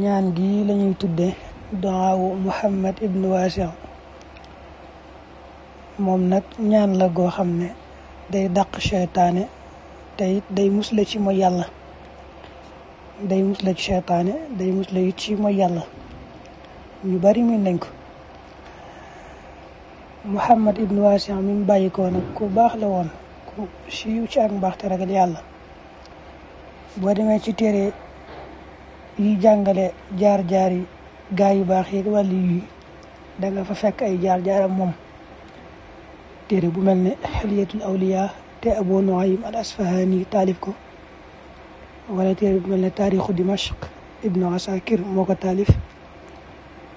ñaan gi lañuy tudde duwaawu Muhammad ibnu Waasi moom nag ñaan la goo xam ne day dàq seytaane te it day musla ci mooy yàlla day musla ci seytaane day mus la ci mooy yàlla ñu bari mi nañ ko Muhammad ibnu Waasi mu bàyyi ko nag ku baax la woon ku siiw ci ak mbaax te ragal yàlla boo demee ci téere yi jàngale jaar-jaar yi gaa yu baax yi wali yi da nga fa fekk ay jaar ak mom téré bu mel haliyatul awliya te abu nuaym al asfahani talif ko wala téré bu mel ne dimashq ibnu asakir moko talif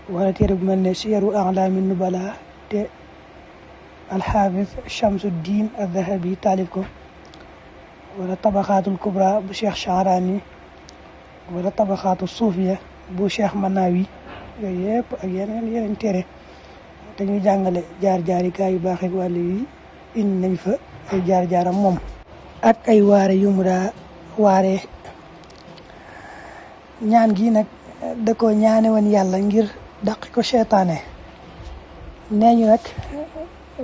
wala téré bu mel ne siyaru alaami nubala te al hafiz shamsuddin al dhahabi talif ko wala tabaqatul kubra bu cheikh sharani wala tabaxaatu suufiya bu Cheikh Manawi yooyu yëpp ak yeneen yeneen téere te ñu jàngale jaar-jaari gaa yu baax ak yi indi nañ fa ay jaar-jaaram moom ak ay waare yu daa waaree ñaan gi nag da ko ñaane woon yàlla ngir dàq ko seytaane nee ñu nag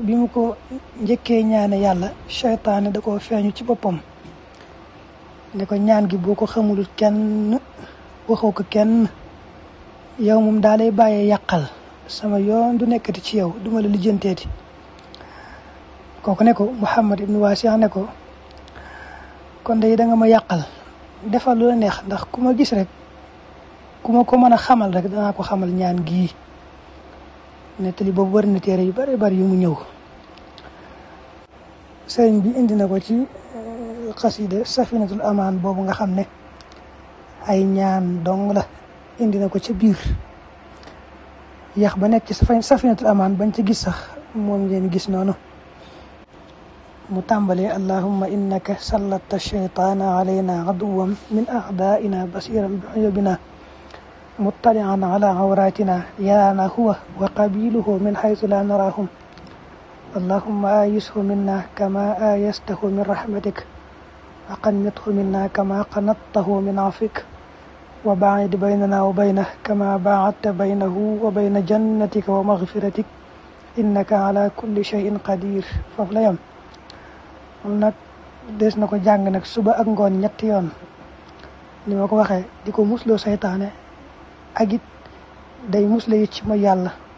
bi mu ko njëkkee ñaane yàlla seytaane da ko feeñu ci boppam ne ko ñaan gi boo ko xamul kenn waxoo ko kenn yow moom daa lay bàyyee yàqal sama yoon du nekkati ci yow duma la lijjanteeti kooku ne ko Muhammad ibnu Waasi' ne ko kon day danga ma yàqal defal lu la neex ndax ku ma gis rek ku ma ko mën a xamal rek danaa ko xamal ñaan gii nettali boobu war na téere yu bari bari yu mu ñëw sëriñ bi indi na ko ci القصيدة سفينة الأمان بابا خامنة أي نيان دونغلا إندي نكو تبير ياخ بانيك سفينة, سفينة الأمان بانت جيسخ مون جيني جيس نونو متامبلي اللهم إنك سلطت الشيطان علينا عدوا من أعدائنا بصيرا بعيوبنا مطلعا على عوراتنا يا أنا هو وقبيله من حيث لا نراهم اللهم آيسه منا كما آيسته من رحمتك أقنطه منا كما قنطته من عفك وبعد بيننا وبينه كما باعدت بينه وبين جنتك ومغفرتك إنك على كل شيء قدير فضل يوم ديس نكو جانغ نك سوبا اك نغون نيات يون ديكو موسلو شيطان اجيت داي موسلو يتي ما